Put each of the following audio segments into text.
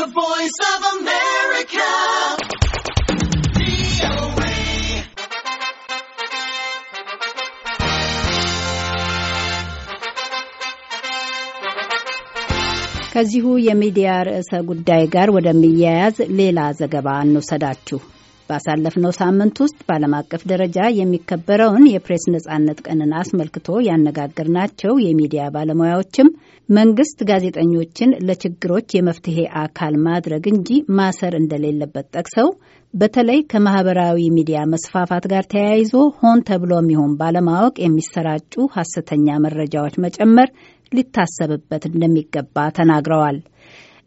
The Voice of America. ከዚሁ የሚዲያ ርዕሰ ጉዳይ ጋር ወደሚያያዝ ሌላ ዘገባ እንውሰዳችሁ። ባሳለፍነው ሳምንት ውስጥ በዓለም አቀፍ ደረጃ የሚከበረውን የፕሬስ ነጻነት ቀንን አስመልክቶ ያነጋገርናቸው የሚዲያ ባለሙያዎችም መንግስት ጋዜጠኞችን ለችግሮች የመፍትሄ አካል ማድረግ እንጂ ማሰር እንደሌለበት ጠቅሰው በተለይ ከማህበራዊ ሚዲያ መስፋፋት ጋር ተያይዞ ሆን ተብሎ የሚሆን ባለማወቅ የሚሰራጩ ሀሰተኛ መረጃዎች መጨመር ሊታሰብበት እንደሚገባ ተናግረዋል።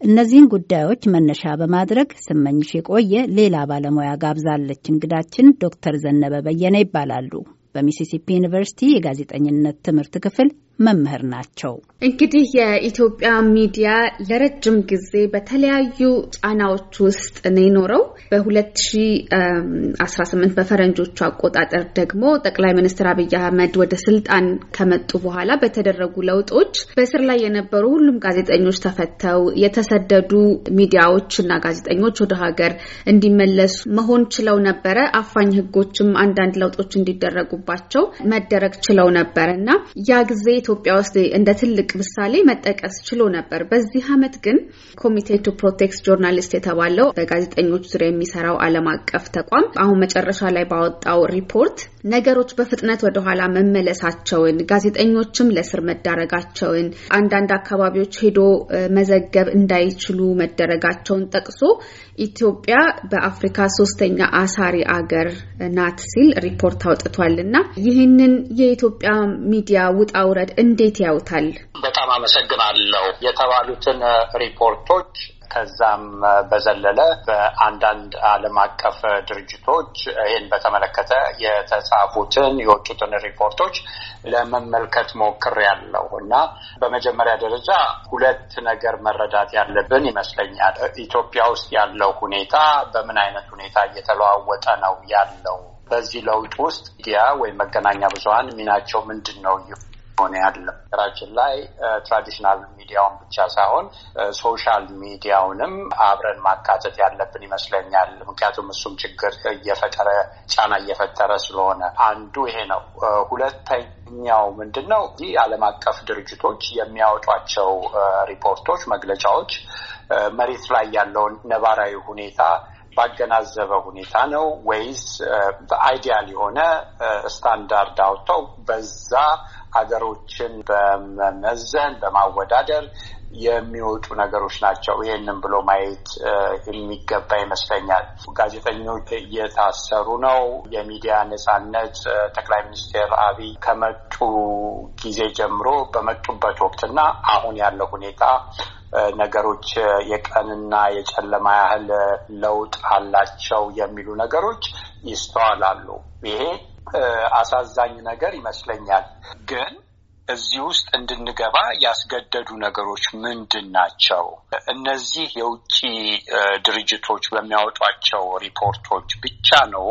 እነዚህን ጉዳዮች መነሻ በማድረግ ስመኝሽ የቆየ ሌላ ባለሙያ ጋብዛለች። እንግዳችን ዶክተር ዘነበ በየነ ይባላሉ። በሚሲሲፒ ዩኒቨርሲቲ የጋዜጠኝነት ትምህርት ክፍል መምህር ናቸው። እንግዲህ የኢትዮጵያ ሚዲያ ለረጅም ጊዜ በተለያዩ ጫናዎች ውስጥ ነው የኖረው። በ2018 በፈረንጆቹ አቆጣጠር ደግሞ ጠቅላይ ሚኒስትር አብይ አህመድ ወደ ስልጣን ከመጡ በኋላ በተደረጉ ለውጦች በእስር ላይ የነበሩ ሁሉም ጋዜጠኞች ተፈተው የተሰደዱ ሚዲያዎች እና ጋዜጠኞች ወደ ሀገር እንዲመለሱ መሆን ችለው ነበረ። አፋኝ ህጎችም አንዳንድ ለውጦች እንዲደረጉባቸው መደረግ ችለው ነበረ እና ያ ጊዜ ኢትዮጵያ ውስጥ እንደ ትልቅ ምሳሌ መጠቀስ ችሎ ነበር። በዚህ አመት ግን ኮሚቴ ቱ ፕሮቴክት ጆርናሊስት የተባለው በጋዜጠኞች ዙሪያ የሚሰራው ዓለም አቀፍ ተቋም አሁን መጨረሻ ላይ ባወጣው ሪፖርት ነገሮች በፍጥነት ወደኋላ መመለሳቸውን፣ ጋዜጠኞችም ለስር መዳረጋቸውን፣ አንዳንድ አካባቢዎች ሄዶ መዘገብ እንዳይችሉ መደረጋቸውን ጠቅሶ ኢትዮጵያ በአፍሪካ ሶስተኛ አሳሪ አገር ናት ሲል ሪፖርት አውጥቷል እና ይህንን የኢትዮጵያ ሚዲያ ውጣ ውረድ እንዴት ያውታል? በጣም አመሰግናለሁ የተባሉትን ሪፖርቶች ከዛም በዘለለ በአንዳንድ ዓለም አቀፍ ድርጅቶች ይህን በተመለከተ የተጻፉትን የወጡትን ሪፖርቶች ለመመልከት ያለው እና በመጀመሪያ ደረጃ ሁለት ነገር መረዳት ያለብን ይመስለኛል። ኢትዮጵያ ውስጥ ያለው ሁኔታ በምን አይነት ሁኔታ እየተለዋወጠ ነው ያለው? በዚህ ለውጥ ውስጥ ሚዲያ ወይም መገናኛ ብዙኃን ሚናቸው ምንድን ነው ሆነ ያለም ሀገራችን ላይ ትራዲሽናል ሚዲያውን ብቻ ሳይሆን ሶሻል ሚዲያውንም አብረን ማካተት ያለብን ይመስለኛል። ምክንያቱም እሱም ችግር እየፈጠረ ጫና እየፈጠረ ስለሆነ አንዱ ይሄ ነው። ሁለተኛው ምንድን ነው? ይህ ዓለም አቀፍ ድርጅቶች የሚያወጧቸው ሪፖርቶች፣ መግለጫዎች መሬት ላይ ያለውን ነባራዊ ሁኔታ ባገናዘበ ሁኔታ ነው ወይስ በአይዲያል የሆነ ስታንዳርድ አውጥተው በዛ ሀገሮችን በመመዘን በማወዳደር የሚወጡ ነገሮች ናቸው። ይህንን ብሎ ማየት የሚገባ ይመስለኛል። ጋዜጠኞች እየታሰሩ ነው። የሚዲያ ነጻነት ጠቅላይ ሚኒስትር አብይ ከመጡ ጊዜ ጀምሮ በመጡበት ወቅትና አሁን ያለው ሁኔታ ነገሮች የቀንና የጨለማ ያህል ለውጥ አላቸው የሚሉ ነገሮች ይስተዋላሉ። ይሄ አሳዛኝ ነገር ይመስለኛል። ግን እዚህ ውስጥ እንድንገባ ያስገደዱ ነገሮች ምንድን ናቸው? እነዚህ የውጭ ድርጅቶች በሚያወጧቸው ሪፖርቶች ብቻ ነው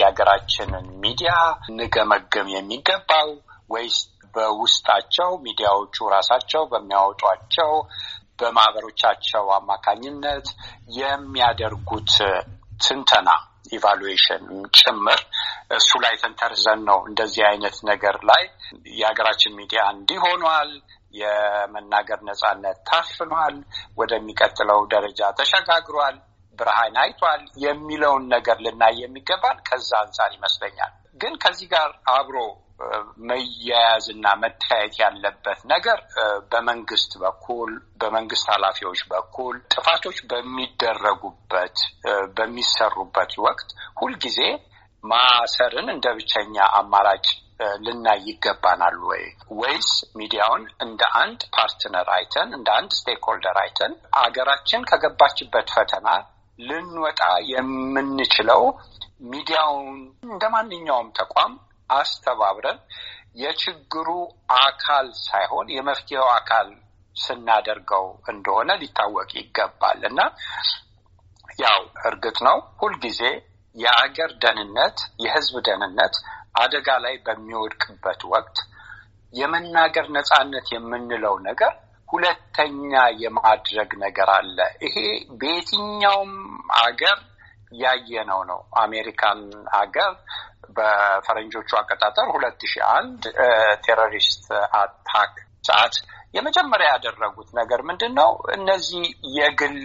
የሀገራችንን ሚዲያ እንገመገም የሚገባው ወይስ በውስጣቸው ሚዲያዎቹ ራሳቸው በሚያወጧቸው በማህበሮቻቸው አማካኝነት የሚያደርጉት ትንተና ኢቫሉዌሽን ጭምር እሱ ላይ ተንተርዘን ነው እንደዚህ አይነት ነገር ላይ የሀገራችን ሚዲያ እንዲህ ሆኗል፣ የመናገር ነጻነት ታፍኗል፣ ወደሚቀጥለው ደረጃ ተሸጋግሯል፣ ብርሃን አይቷል የሚለውን ነገር ልናይ የሚገባል ከዛ አንጻር ይመስለኛል። ግን ከዚህ ጋር አብሮ መያያዝና መተያየት ያለበት ነገር በመንግስት በኩል በመንግስት ኃላፊዎች በኩል ጥፋቶች በሚደረጉበት በሚሰሩበት ወቅት ሁልጊዜ ማሰርን እንደ ብቸኛ አማራጭ ልናይ ይገባናል ወይ ወይስ ሚዲያውን እንደ አንድ ፓርትነር አይተን እንደ አንድ ስቴክሆልደር አይተን አገራችን ከገባችበት ፈተና ልንወጣ የምንችለው ሚዲያውን እንደ ማንኛውም ተቋም አስተባብረን የችግሩ አካል ሳይሆን የመፍትሄው አካል ስናደርገው እንደሆነ ሊታወቅ ይገባል እና ያው እርግጥ ነው ሁልጊዜ የአገር ደህንነት፣ የህዝብ ደህንነት አደጋ ላይ በሚወድቅበት ወቅት የመናገር ነጻነት የምንለው ነገር ሁለተኛ የማድረግ ነገር አለ። ይሄ በየትኛውም አገር ያየነው ነው። አሜሪካን አገር በፈረንጆቹ አቆጣጠር ሁለት ሺህ አንድ ቴሮሪስት አታክ ሰዓት የመጀመሪያ ያደረጉት ነገር ምንድን ነው? እነዚህ የግል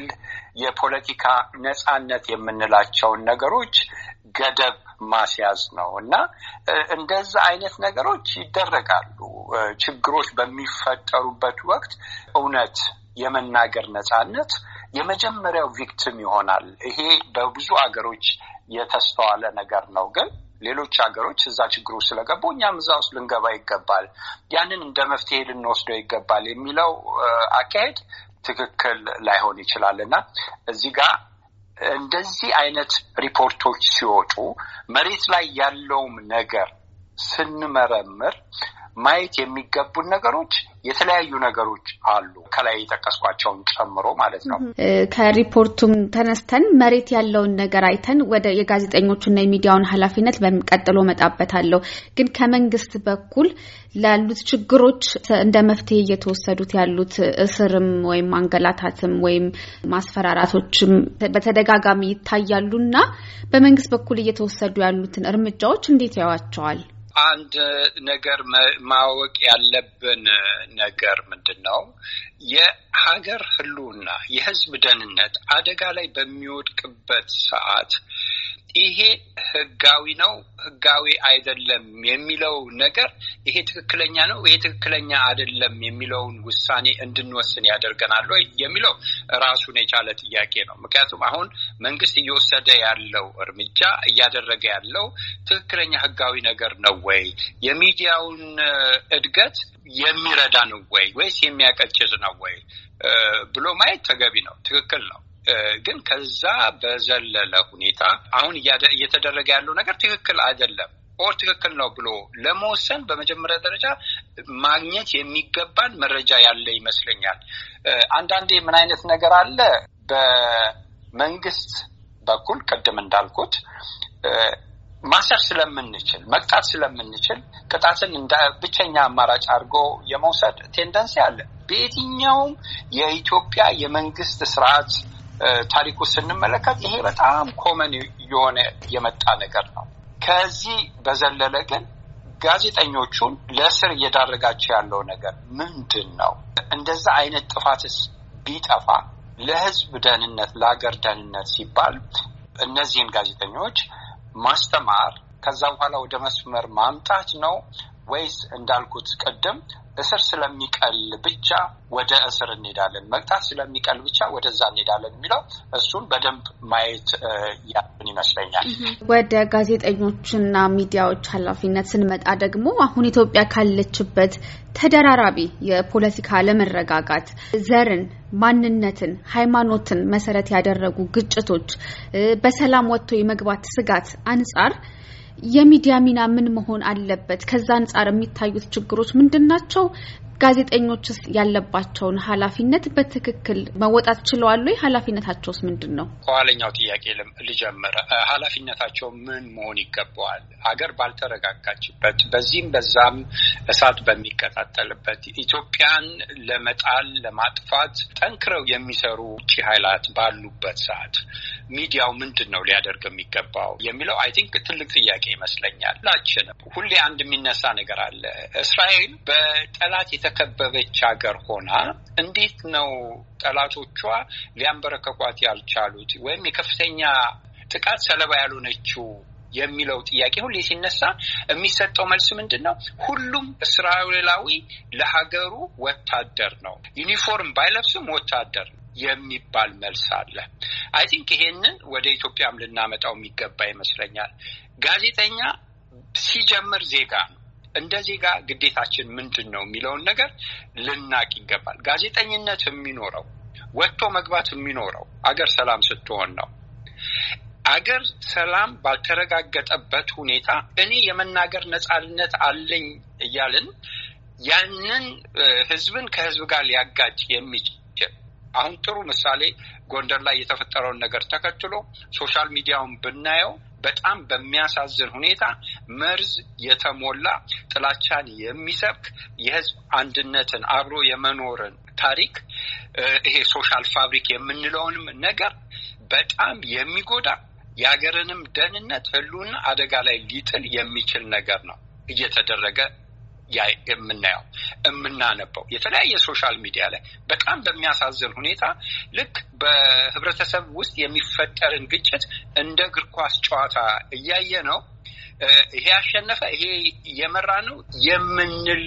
የፖለቲካ ነጻነት የምንላቸውን ነገሮች ገደብ ማስያዝ ነው እና እንደዛ አይነት ነገሮች ይደረጋሉ። ችግሮች በሚፈጠሩበት ወቅት እውነት የመናገር ነጻነት የመጀመሪያው ቪክቲም ይሆናል። ይሄ በብዙ አገሮች የተስተዋለ ነገር ነው ግን ሌሎች ሀገሮች እዛ ችግሩ ስለገቡ እኛም እዛ ውስጥ ልንገባ ይገባል፣ ያንን እንደ መፍትሄ ልንወስደው ይገባል የሚለው አካሄድ ትክክል ላይሆን ይችላል እና እዚህ ጋር እንደዚህ አይነት ሪፖርቶች ሲወጡ መሬት ላይ ያለውም ነገር ስንመረምር ማየት የሚገቡን ነገሮች የተለያዩ ነገሮች አሉ፣ ከላይ የጠቀስኳቸውን ጨምሮ ማለት ነው። ከሪፖርቱም ተነስተን መሬት ያለውን ነገር አይተን ወደ የጋዜጠኞቹና የሚዲያውን ኃላፊነት በሚቀጥሎ መጣበታለሁ። ግን ከመንግስት በኩል ላሉት ችግሮች እንደ መፍትሄ እየተወሰዱት ያሉት እስርም ወይም ማንገላታትም ወይም ማስፈራራቶችም በተደጋጋሚ ይታያሉና በመንግስት በኩል እየተወሰዱ ያሉትን እርምጃዎች እንዴት ያዋቸዋል? አንድ ነገር ማወቅ ያለብን ነገር ምንድን ነው? የሀገር ህልውና የህዝብ ደህንነት አደጋ ላይ በሚወድቅበት ሰዓት ይሄ ህጋዊ ነው፣ ህጋዊ አይደለም የሚለው ነገር ይሄ ትክክለኛ ነው፣ ይሄ ትክክለኛ አይደለም የሚለውን ውሳኔ እንድንወስን ያደርገናል ወይ የሚለው ራሱን የቻለ ጥያቄ ነው። ምክንያቱም አሁን መንግስት እየወሰደ ያለው እርምጃ እያደረገ ያለው ትክክለኛ ህጋዊ ነገር ነው ወይ የሚዲያውን እድገት የሚረዳ ነው ወይ ወይስ የሚያቀጭዝ ነው ወይ ብሎ ማየት ተገቢ ነው። ትክክል ነው። ግን ከዛ በዘለለ ሁኔታ አሁን እየተደረገ ያለው ነገር ትክክል አይደለም ኦር ትክክል ነው ብሎ ለመወሰን በመጀመሪያ ደረጃ ማግኘት የሚገባን መረጃ ያለ ይመስለኛል። አንዳንዴ ምን አይነት ነገር አለ በመንግስት በኩል ቅድም እንዳልኩት ማሰር ስለምንችል መቅጣት ስለምንችል ቅጣትን እንደ ብቸኛ አማራጭ አድርጎ የመውሰድ ቴንደንሲ አለ በየትኛውም የኢትዮጵያ የመንግስት ስርዓት ታሪኩ ስንመለከት ይሄ በጣም ኮመን የሆነ የመጣ ነገር ነው። ከዚህ በዘለለ ግን ጋዜጠኞቹን ለእስር እየዳረጋቸው ያለው ነገር ምንድን ነው? እንደዛ አይነት ጥፋትስ ቢጠፋ ለህዝብ ደህንነት፣ ለሀገር ደህንነት ሲባል እነዚህን ጋዜጠኞች ማስተማር ከዛ በኋላ ወደ መስመር ማምጣት ነው ወይስ እንዳልኩት ቅድም እስር ስለሚቀል ብቻ ወደ እስር እንሄዳለን፣ መቅጣት ስለሚቀል ብቻ ወደዛ እንሄዳለን የሚለው እሱን በደንብ ማየት ያሉን ይመስለኛል። ወደ ጋዜጠኞችና ሚዲያዎች ኃላፊነት ስንመጣ ደግሞ አሁን ኢትዮጵያ ካለችበት ተደራራቢ የፖለቲካ አለመረጋጋት ዘርን፣ ማንነትን፣ ሃይማኖትን መሰረት ያደረጉ ግጭቶች፣ በሰላም ወጥቶ የመግባት ስጋት አንጻር የሚዲያ ሚና ምን መሆን አለበት? ከዛ አንጻር የሚታዩት ችግሮች ምንድን ናቸው? ጋዜጠኞችስ ያለባቸውን ኃላፊነት በትክክል መወጣት ችለዋል ወይ? ኃላፊነታቸውስ ምንድን ነው? ከኋለኛው ጥያቄ ልጀምር። ኃላፊነታቸው ምን መሆን ይገባዋል? ሀገር ባልተረጋጋችበት፣ በዚህም በዛም እሳት በሚቀጣጠልበት ኢትዮጵያን ለመጣል ለማጥፋት ጠንክረው የሚሰሩ ውጭ ኃይላት ባሉበት ሰዓት ሚዲያው ምንድን ነው ሊያደርግ የሚገባው የሚለው አይ ቲንክ ትልቅ ጥያቄ ይመስለኛል። ላችንም ሁሌ አንድ የሚነሳ ነገር አለ። እስራኤል በጠላት የተከበበች ሀገር ሆና እንዴት ነው ጠላቶቿ ሊያንበረከኳት ያልቻሉት ወይም የከፍተኛ ጥቃት ሰለባ ያልሆነችው የሚለው ጥያቄ ሁሌ ሲነሳ የሚሰጠው መልስ ምንድን ነው? ሁሉም እስራኤላዊ ለሀገሩ ወታደር ነው። ዩኒፎርም ባይለብስም ወታደር የሚባል መልስ አለ። አይ ቲንክ ይሄንን ወደ ኢትዮጵያም ልናመጣው የሚገባ ይመስለኛል። ጋዜጠኛ ሲጀምር ዜጋ ነው። እንደ ዜጋ ግዴታችን ምንድን ነው የሚለውን ነገር ልናቅ ይገባል። ጋዜጠኝነት የሚኖረው ወጥቶ መግባት የሚኖረው አገር ሰላም ስትሆን ነው። አገር ሰላም ባልተረጋገጠበት ሁኔታ እኔ የመናገር ነጻነት አለኝ እያልን ያንን ህዝብን ከህዝብ ጋር ሊያጋጭ የሚችል አሁን ጥሩ ምሳሌ ጎንደር ላይ የተፈጠረውን ነገር ተከትሎ ሶሻል ሚዲያውን ብናየው በጣም በሚያሳዝን ሁኔታ መርዝ የተሞላ ጥላቻን የሚሰብክ የህዝብ አንድነትን አብሮ የመኖርን ታሪክ ይሄ ሶሻል ፋብሪክ የምንለውንም ነገር በጣም የሚጎዳ የሀገርንም ደህንነት ሕልውና አደጋ ላይ ሊጥል የሚችል ነገር ነው እየተደረገ የምናየው የምናነበው የተለያየ ሶሻል ሚዲያ ላይ በጣም በሚያሳዝን ሁኔታ ልክ በህብረተሰብ ውስጥ የሚፈጠርን ግጭት እንደ እግር ኳስ ጨዋታ እያየ ነው ይሄ ያሸነፈ ይሄ የመራ ነው የምንል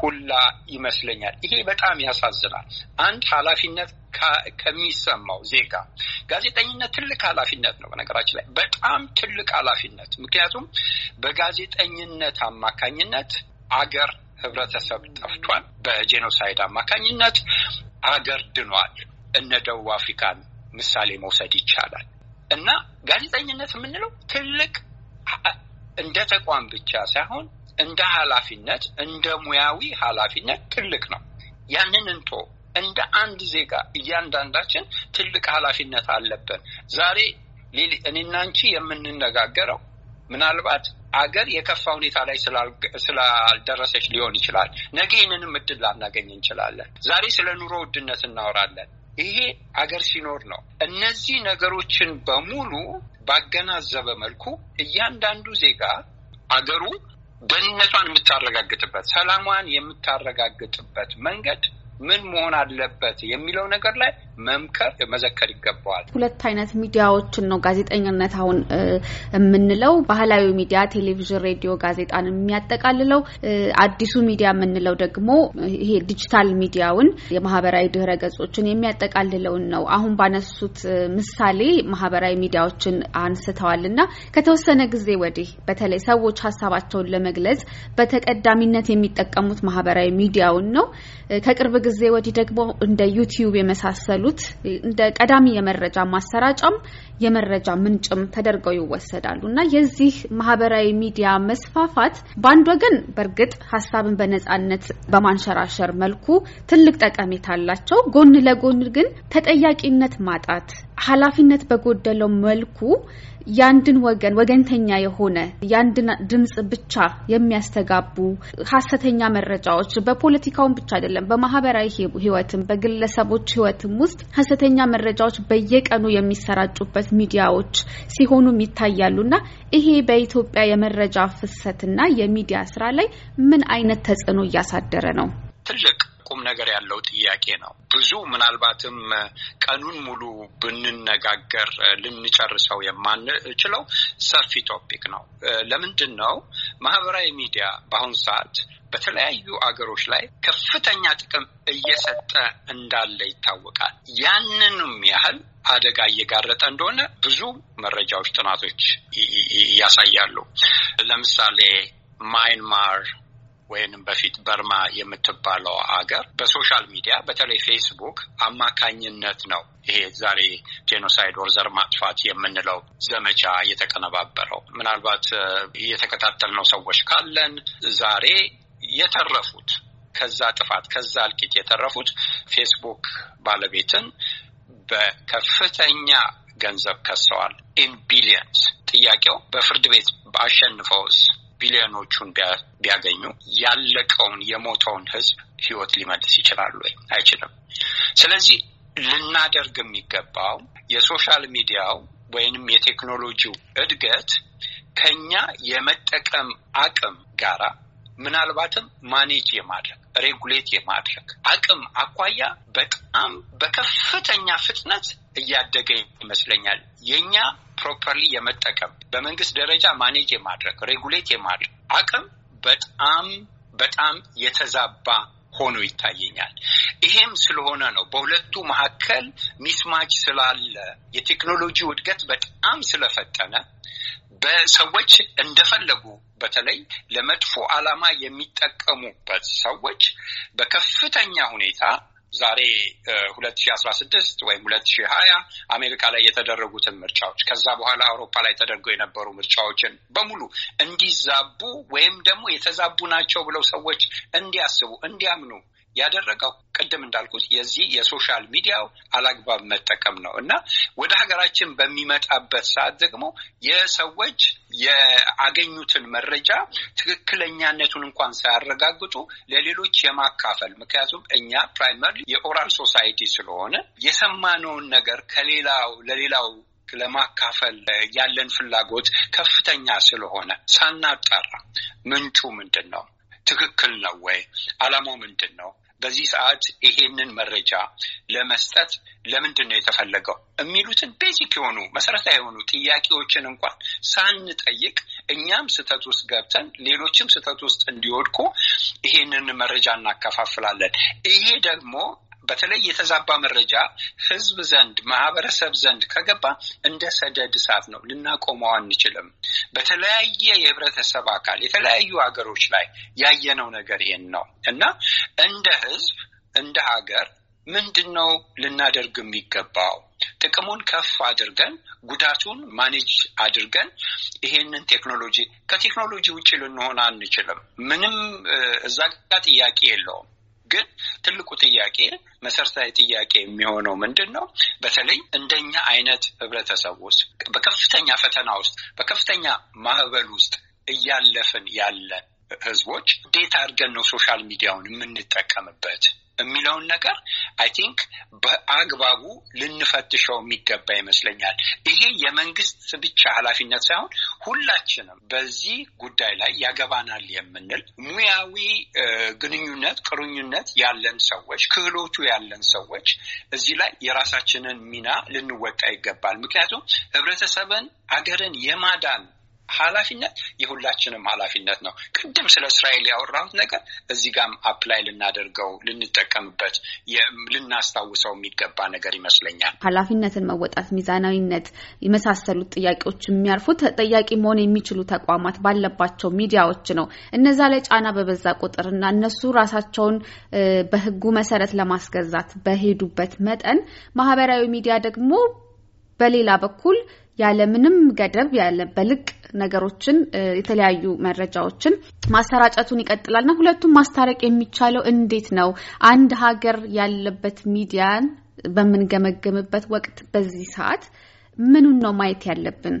ሁላ ይመስለኛል። ይሄ በጣም ያሳዝናል። አንድ ኃላፊነት ከሚሰማው ዜጋ ጋዜጠኝነት ትልቅ ኃላፊነት ነው። በነገራችን ላይ በጣም ትልቅ ኃላፊነት ምክንያቱም በጋዜጠኝነት አማካኝነት አገር ህብረተሰብ ጠፍቷል። በጄኖሳይድ አማካኝነት አገር ድኗል። እነ ደቡብ አፍሪካን ምሳሌ መውሰድ ይቻላል። እና ጋዜጠኝነት የምንለው ትልቅ እንደ ተቋም ብቻ ሳይሆን እንደ ኃላፊነት እንደ ሙያዊ ኃላፊነት ትልቅ ነው። ያንን እንቶ እንደ አንድ ዜጋ እያንዳንዳችን ትልቅ ኃላፊነት አለብን። ዛሬ እኔና አንቺ የምንነጋገረው ምናልባት አገር የከፋ ሁኔታ ላይ ስላልደረሰች ሊሆን ይችላል። ነገ ይህንንም እድል ላናገኝ እንችላለን። ዛሬ ስለ ኑሮ ውድነት እናወራለን። ይሄ አገር ሲኖር ነው። እነዚህ ነገሮችን በሙሉ ባገናዘበ መልኩ እያንዳንዱ ዜጋ አገሩ ደህንነቷን የምታረጋግጥበት፣ ሰላሟን የምታረጋግጥበት መንገድ ምን መሆን አለበት የሚለው ነገር ላይ መምከር መዘከር ይገባዋል። ሁለት አይነት ሚዲያዎችን ነው ጋዜጠኝነት አሁን የምንለው ባህላዊ ሚዲያ ቴሌቪዥን፣ ሬዲዮ፣ ጋዜጣን የሚያጠቃልለው አዲሱ ሚዲያ የምንለው ደግሞ ይሄ ዲጂታል ሚዲያውን የማህበራዊ ድህረ ገጾችን የሚያጠቃልለውን ነው። አሁን ባነሱት ምሳሌ ማህበራዊ ሚዲያዎችን አንስተዋል እና ከተወሰነ ጊዜ ወዲህ በተለይ ሰዎች ሀሳባቸውን ለመግለጽ በተቀዳሚነት የሚጠቀሙት ማህበራዊ ሚዲያውን ነው ከቅርብ ጊዜ ወዲህ ደግሞ እንደ ዩቲዩብ የመሳሰሉት እንደ ቀዳሚ የመረጃ ማሰራጫም የመረጃ ምንጭም ተደርገው ይወሰዳሉ እና የዚህ ማህበራዊ ሚዲያ መስፋፋት በአንድ ወገን በእርግጥ ሀሳብን በነጻነት በማንሸራሸር መልኩ ትልቅ ጠቀሜታ አላቸው። ጎን ለጎን ግን ተጠያቂነት ማጣት ኃላፊነት በጎደለው መልኩ ያንድን ወገን ወገንተኛ የሆነ ያንድን ድምጽ ብቻ የሚያስተጋቡ ሀሰተኛ መረጃዎች በፖለቲካውም ብቻ አይደለም፣ በማህበራዊ ህይወትም በግለሰቦች ህይወትም ውስጥ ሀሰተኛ መረጃዎች በየቀኑ የሚሰራጩበት ሚዲያዎች ሲሆኑም ይታያሉና ይሄ በኢትዮጵያ የመረጃ ፍሰትና የሚዲያ ስራ ላይ ምን አይነት ተጽዕኖ እያሳደረ ነው? ትልቅ ቁም ነገር ያለው ጥያቄ ነው። ብዙ ምናልባትም ቀኑን ሙሉ ብንነጋገር ልንጨርሰው የማንችለው ሰፊ ቶፒክ ነው። ለምንድን ነው ማህበራዊ ሚዲያ በአሁኑ ሰዓት በተለያዩ አገሮች ላይ ከፍተኛ ጥቅም እየሰጠ እንዳለ ይታወቃል። ያንንም ያህል አደጋ እየጋረጠ እንደሆነ ብዙ መረጃዎች፣ ጥናቶች ያሳያሉ። ለምሳሌ ማይንማር ወይንም በፊት በርማ የምትባለው አገር በሶሻል ሚዲያ በተለይ ፌስቡክ አማካኝነት ነው ይሄ ዛሬ ጄኖሳይድ ወር ዘር ማጥፋት የምንለው ዘመቻ የተቀነባበረው። ምናልባት የተከታተልነው ሰዎች ካለን ዛሬ የተረፉት ከዛ ጥፋት ከዛ እልቂት የተረፉት ፌስቡክ ባለቤትን በከፍተኛ ገንዘብ ከሰዋል። ኢን ቢሊየንስ። ጥያቄው በፍርድ ቤት አሸንፈውስ ቢሊዮኖቹን ቢያገኙ ያለቀውን የሞተውን ህዝብ ህይወት ሊመልስ ይችላል ወይ? አይችልም። ስለዚህ ልናደርግ የሚገባው የሶሻል ሚዲያው ወይንም የቴክኖሎጂው እድገት ከኛ የመጠቀም አቅም ጋራ ምናልባትም ማኔጅ የማድረግ ሬጉሌት የማድረግ አቅም አኳያ በጣም በከፍተኛ ፍጥነት እያደገ ይመስለኛል። የኛ ፕሮፐርሊ የመጠቀም በመንግስት ደረጃ ማኔጅ የማድረግ ሬጉሌት የማድረግ አቅም በጣም በጣም የተዛባ ሆኖ ይታየኛል። ይሄም ስለሆነ ነው በሁለቱ መካከል ሚስማች ስላለ የቴክኖሎጂ እድገት በጣም ስለፈጠነ በሰዎች እንደፈለጉ በተለይ ለመጥፎ ዓላማ የሚጠቀሙበት ሰዎች በከፍተኛ ሁኔታ ዛሬ ሁለት ሺ አስራ ስድስት ወይም ሁለት ሺ ሀያ አሜሪካ ላይ የተደረጉትን ምርጫዎች ከዛ በኋላ አውሮፓ ላይ ተደርገው የነበሩ ምርጫዎችን በሙሉ እንዲዛቡ ወይም ደግሞ የተዛቡ ናቸው ብለው ሰዎች እንዲያስቡ እንዲያምኑ ያደረገው ቅድም እንዳልኩት የዚህ የሶሻል ሚዲያው አላግባብ መጠቀም ነው እና ወደ ሀገራችን በሚመጣበት ሰዓት ደግሞ የሰዎች የአገኙትን መረጃ ትክክለኛነቱን እንኳን ሳያረጋግጡ ለሌሎች የማካፈል ምክንያቱም እኛ ፕራይመሪ የኦራል ሶሳይቲ ስለሆነ የሰማነውን ነገር ከሌላው ለሌላው ለማካፈል ያለን ፍላጎት ከፍተኛ ስለሆነ ሳናጣራ ምንጩ ምንድን ነው፣ ትክክል ነው ወይ፣ አላማው ምንድን ነው በዚህ ሰዓት ይሄንን መረጃ ለመስጠት ለምንድን ነው የተፈለገው የሚሉትን ቤዚክ የሆኑ መሰረታዊ የሆኑ ጥያቄዎችን እንኳን ሳንጠይቅ እኛም ስህተት ውስጥ ገብተን ሌሎችም ስህተት ውስጥ እንዲወድቁ ይሄንን መረጃ እናከፋፍላለን። ይሄ ደግሞ በተለይ የተዛባ መረጃ ህዝብ ዘንድ ማህበረሰብ ዘንድ ከገባ እንደ ሰደድ እሳት ነው፣ ልናቆመው አንችልም። በተለያየ የህብረተሰብ አካል የተለያዩ ሀገሮች ላይ ያየነው ነገር ይሄን ነው እና እንደ ህዝብ እንደ ሀገር ምንድን ነው ልናደርግ የሚገባው? ጥቅሙን ከፍ አድርገን ጉዳቱን ማኔጅ አድርገን ይሄንን ቴክኖሎጂ ከቴክኖሎጂ ውጭ ልንሆን አንችልም። ምንም እዛ ጋ ጥያቄ የለውም። ግን ትልቁ ጥያቄ መሰረታዊ ጥያቄ የሚሆነው ምንድን ነው? በተለይ እንደኛ አይነት ህብረተሰብ ውስጥ በከፍተኛ ፈተና ውስጥ በከፍተኛ ማዕበል ውስጥ እያለፍን ያለን ህዝቦች እንዴት አድርገን ነው ሶሻል ሚዲያውን የምንጠቀምበት የሚለውን ነገር አይ ቲንክ በአግባቡ ልንፈትሸው የሚገባ ይመስለኛል። ይሄ የመንግስት ብቻ ኃላፊነት ሳይሆን ሁላችንም በዚህ ጉዳይ ላይ ያገባናል የምንል ሙያዊ ግንኙነት ቅሩኝነት ያለን ሰዎች፣ ክህሎቹ ያለን ሰዎች እዚህ ላይ የራሳችንን ሚና ልንወጣ ይገባል። ምክንያቱም ህብረተሰብን አገርን የማዳን ኃላፊነት የሁላችንም ኃላፊነት ነው። ቅድም ስለ እስራኤል ያወራሁት ነገር እዚህ ጋም አፕላይ ልናደርገው፣ ልንጠቀምበት፣ ልናስታውሰው የሚገባ ነገር ይመስለኛል። ኃላፊነትን መወጣት፣ ሚዛናዊነት የመሳሰሉት ጥያቄዎች የሚያርፉት ተጠያቂ መሆን የሚችሉ ተቋማት ባለባቸው ሚዲያዎች ነው። እነዛ ላይ ጫና በበዛ ቁጥር እና እነሱ ራሳቸውን በህጉ መሰረት ለማስገዛት በሄዱበት መጠን ማህበራዊ ሚዲያ ደግሞ በሌላ በኩል ያለምንም ገደብ ያለ በልቅ ነገሮችን የተለያዩ መረጃዎችን ማሰራጨቱን ይቀጥላል እና ሁለቱም ማስታረቅ የሚቻለው እንዴት ነው? አንድ ሀገር ያለበት ሚዲያን በምንገመገምበት ወቅት በዚህ ሰዓት ምኑን ነው ማየት ያለብን?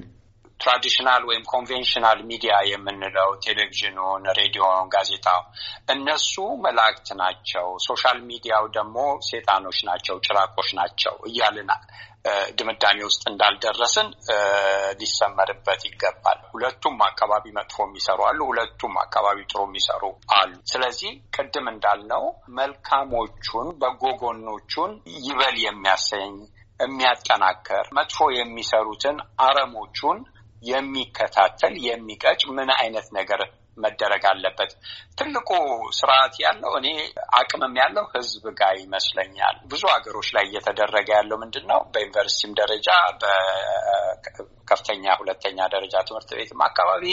ትራዲሽናል ወይም ኮንቬንሽናል ሚዲያ የምንለው ቴሌቪዥኑን፣ ሬዲዮን፣ ጋዜጣው እነሱ መላእክት ናቸው፣ ሶሻል ሚዲያው ደግሞ ሴጣኖች ናቸው፣ ጭራቆች ናቸው እያልን ድምዳሜ ውስጥ እንዳልደረስን ሊሰመርበት ይገባል። ሁለቱም አካባቢ መጥፎ የሚሰሩ አሉ፣ ሁለቱም አካባቢ ጥሩ የሚሰሩ አሉ። ስለዚህ ቅድም እንዳልነው መልካሞቹን በጎ ጎኖቹን ይበል የሚያሰኝ የሚያጠናከር መጥፎ የሚሰሩትን አረሞቹን የሚከታተል የሚቀጭ ምን አይነት ነገር መደረግ አለበት። ትልቁ ስርዓት ያለው እኔ አቅምም ያለው ህዝብ ጋር ይመስለኛል። ብዙ ሀገሮች ላይ እየተደረገ ያለው ምንድን ነው? በዩኒቨርሲቲም ደረጃ በከፍተኛ ሁለተኛ ደረጃ ትምህርት ቤትም አካባቢ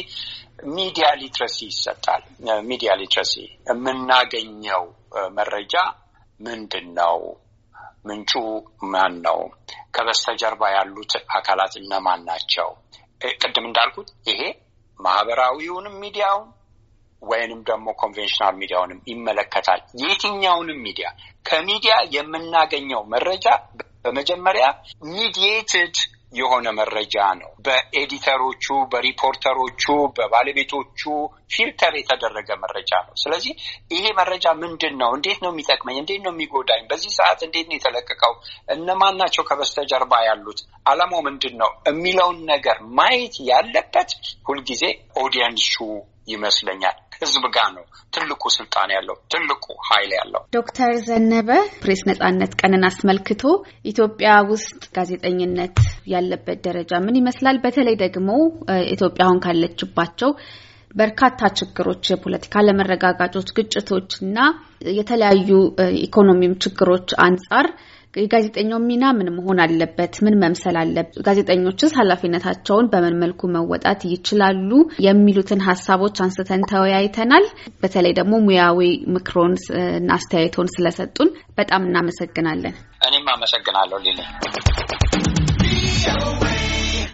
ሚዲያ ሊትረሲ ይሰጣል። ሚዲያ ሊትረሲ የምናገኘው መረጃ ምንድን ነው? ምንጩ ማን ነው? ከበስተጀርባ ያሉት አካላት እነማን ናቸው? ቅድም እንዳልኩት ይሄ ማህበራዊውንም ሚዲያውን ወይንም ደግሞ ኮንቬንሽናል ሚዲያውንም ይመለከታል። የትኛውንም ሚዲያ ከሚዲያ የምናገኘው መረጃ በመጀመሪያ ሚዲየትድ የሆነ መረጃ ነው። በኤዲተሮቹ፣ በሪፖርተሮቹ፣ በባለቤቶቹ ፊልተር የተደረገ መረጃ ነው። ስለዚህ ይሄ መረጃ ምንድን ነው? እንዴት ነው የሚጠቅመኝ? እንዴት ነው የሚጎዳኝ? በዚህ ሰዓት እንዴት ነው የተለቀቀው? እነማን ናቸው ከበስተጀርባ ያሉት? አላማው ምንድን ነው የሚለውን ነገር ማየት ያለበት ሁልጊዜ ኦዲየንሱ ይመስለኛል። ህዝብ ጋር ነው ትልቁ ስልጣን ያለው ትልቁ ሀይል ያለው። ዶክተር ዘነበ ፕሬስ ነጻነት ቀንን አስመልክቶ ኢትዮጵያ ውስጥ ጋዜጠኝነት ያለበት ደረጃ ምን ይመስላል? በተለይ ደግሞ ኢትዮጵያ አሁን ካለችባቸው በርካታ ችግሮች፣ የፖለቲካ አለመረጋጋቶች፣ ግጭቶች እና የተለያዩ ኢኮኖሚም ችግሮች አንጻር የጋዜጠኛው ሚና ምን መሆን አለበት? ምን መምሰል አለበት? ጋዜጠኞችስ ኃላፊነታቸውን በምን መልኩ መወጣት ይችላሉ? የሚሉትን ሀሳቦች አንስተን ተወያይተናል። በተለይ ደግሞ ሙያዊ ምክሮን እና አስተያየቶን ስለሰጡን በጣም እናመሰግናለን። እኔም አመሰግናለሁ ሊል